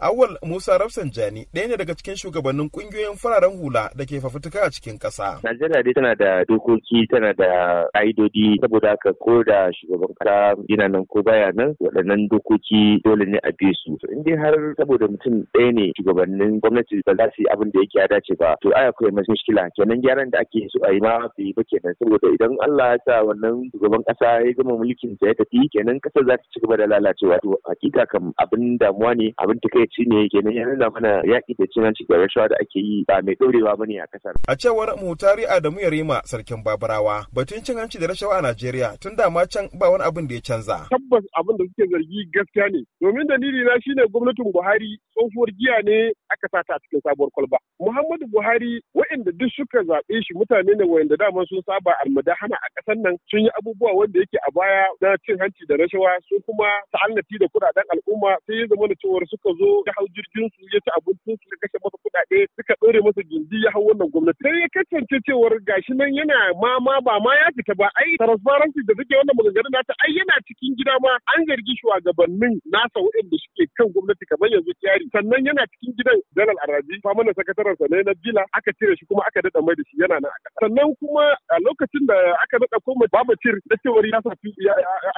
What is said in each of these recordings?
Awal Musa Rafsanjani ɗaya ne daga cikin shugabannin ƙungiyoyin fararen hula da ke fafutuka a cikin ƙasa. Najeriya dai tana da dokoki tana da ƙa'idodi saboda haka ko da shugaban ƙasa yana nan ko baya nan waɗannan dokoki dole ne a bi su. In dai har saboda mutum ɗaya ne shugabannin gwamnati ba za su yi abin da ya yake a dace ba to ai akwai masu shikila kenan gyaran da ake so a yi ma yi ba kenan saboda idan Allah ya sa wannan shugaban ƙasa ya gama mulkin sa ya tafi kenan ƙasar za ta ci gaba da lalacewa to hakika kam abin damuwa ne abin ta lokaci ne yake na da mana yaƙi da cin hanci da rashawa da ake yi ba mai ɗorewa ba ne a ƙasar. A cewar Mutari Adamu Yarima sarkin Babarawa batun cin hanci da rashawa a Najeriya tun da ma can ba wani abin da ya canza. Tabbas abin da suke zargi gaskiya ne domin dalili na shine gwamnatin Buhari tsohuwar giya ne aka sata a cikin sabuwar kwalba. Muhammadu Buhari waɗanda duk suka zaɓe shi mutane ne waɗanda dama sun saba almada, hana a ƙasar nan sun yi abubuwa wanda yake a baya na cin hanci da rashawa su kuma ta'annafi da kuɗaɗen al'umma sai ya zama da cewar suka zo ya hau jirgin su ya ci abincin su ya kashe masa kuɗaɗe suka ɗore masa gindi ya hau wannan gwamnati sai ya kasance cewar gashi nan yana ma ma ba ma ya fita ba ai transparency da suke wannan maganganun nata ai yana cikin gida ma an zargi shugabannin nasa waɗanda suke kan gwamnati kamar yanzu kyari sannan yana cikin gidan Jalal Arabi famanin sakataren sa ne na bila aka cire shi kuma aka daɗa mai da shi yana nan a ƙasa sannan kuma a lokacin da aka daɗa koma cir da cewar ya safi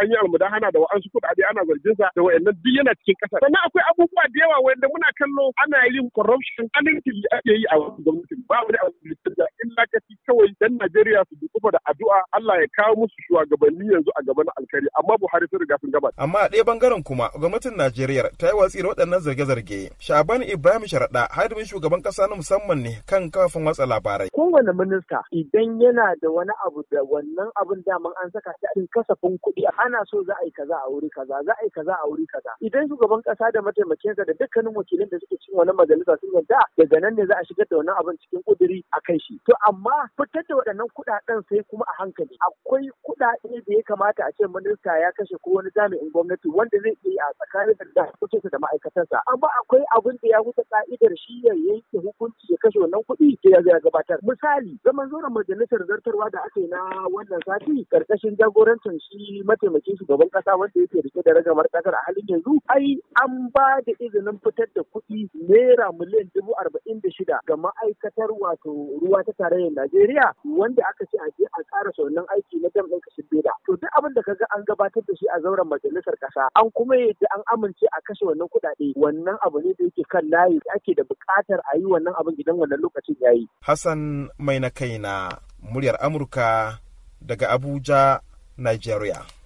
an yi hana da wa'ansu kuɗaɗe ana zargin sa da wa'annan duk yana cikin ƙasa sannan akwai abubuwa da yawa wanda muna kallo ana yin corruption alinkin ake yi a wasu gwamnati babu wani abu da illa kawai yan Najeriya su dukufa da addu'a Allah ya kawo musu shugabanni yanzu a gaban alkari amma Buhari sun riga sun gabata. Amma a ɗaya bangaren kuma gwamnatin Najeriya ta yi watsi da waɗannan zarge-zarge. Shaban Ibrahim Sharaɗa haɗin shugaban ƙasa na musamman ne kan kafin watsa labarai. Kowane minista idan yana da wani abu da wannan abin daman an saka shi a cikin kasafin kuɗi ana so za a yi kaza a wuri kaza za a yi kaza a wuri kaza. Idan shugaban ƙasa da sa, da dukkanin wakilin da suke cikin wani majalisa sun yarda daga nan ne za a shigar da wannan abin cikin ƙuduri a kai shi. To amma fitar da waɗannan kuɗaɗen sai kuma a hankali akwai kuɗaɗe da ya kamata a ce minista ya kashe ko wani jami'in gwamnati wanda zai iya a tsakanin da kucinsa da ma'aikatansa amma akwai abin da ya wuce ka'idar shi ya yanke hukunci ya kashe wannan kuɗi da ya zai gabatar misali zaman zoron majalisar zartarwa da aka yi na wannan sati karkashin jagorancin shi mataimakin shugaban ƙasa, wanda yake rike da ragamar kasar a halin yanzu ai an ba da izinin fitar da kuɗi naira miliyan dubu arba'in da shida ga ma'aikatar wato ruwa ta tarayyar Najeriya Najeriya wanda aka ce a je a ƙara sauran aiki na dam ɗin kashin beda. To duk abin da kaga an gabatar da shi a zauren majalisar ƙasa an kuma yadda an amince a kashe wannan kuɗaɗe wannan abu ne da yake kan layi ake da buƙatar a yi wannan abin idan wannan lokacin ya yi. Hassan mai na kaina muryar Amurka daga Abuja, Najeriya.